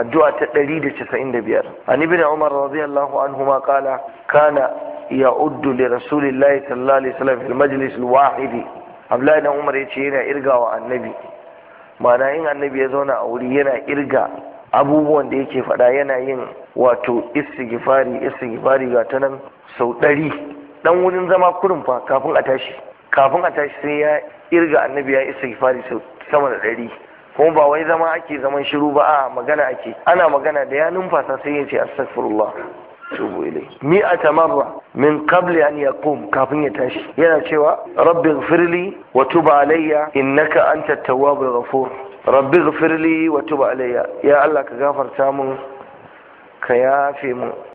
addu'a ta 195 an ibn umar radiyallahu anhuma qala kana ya'uddu li rasulillahi sallallahu alaihi wasallam fil majlis al wahidi abdullahi dan umar yace yana irgawa annabi ma'ana in annabi ya zauna a wuri yana irga abubuwan da yake faɗa yana yin wato istighfari istighfari ga ta nan sau ɗari dan wurin zama kurin fa kafin a tashi kafin a tashi sai ya irga annabi ya istighfari sau sama da ɗari kuma ba wai zama ake zaman shiru ba a magana ake ana magana da ya numfasa sai ya ce astaghfirullah tubu ilai mi'ata marra min qabli an yaqum kafin ya tashi yana cewa rabbi ighfirli wa tub alayya innaka antat tawwabur ghafur rabbi ighfirli wa tub alayya ya Allah ka gafarta mun ka yafe mun